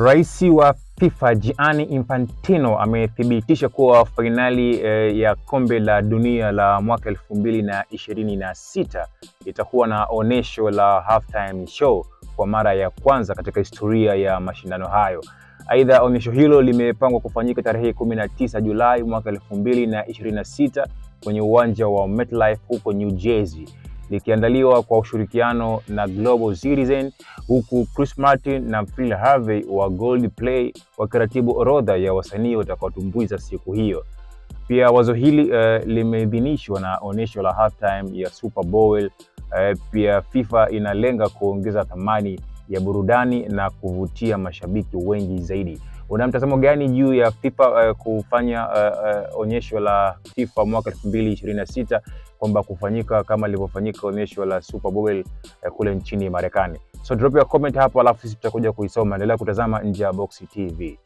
Rais wa FIFA Gianni Infantino amethibitisha kuwa fainali eh, ya kombe la dunia la mwaka elfu mbili na ishirini na sita itakuwa na onyesho la halftime show kwa mara ya kwanza katika historia ya mashindano hayo. Aidha, onyesho hilo limepangwa kufanyika tarehe 19 Julai mwaka elfu mbili na ishirini na sita kwenye uwanja wa MetLife huko New Jersey likiandaliwa kwa ushirikiano na Global Citizen, huku Chris Martin na Phil Harvey wa Goldplay wakiratibu orodha ya wasanii watakaotumbuiza siku hiyo. Pia wazo hili uh, limeidhinishwa na onyesho la halftime ya Super Bowl. Uh, pia FIFA inalenga kuongeza thamani ya burudani na kuvutia mashabiki wengi zaidi. Una mtazamo gani juu ya FIFA uh, kufanya uh, uh, onyesho la FIFA mwaka 2026 kwamba kufanyika kama lilivyofanyika onyesho la Super Bowl uh, kule nchini Marekani? So drop your comment hapo, alafu sisi tutakuja kuisoma. Endelea kutazama Nje ya boxi TV.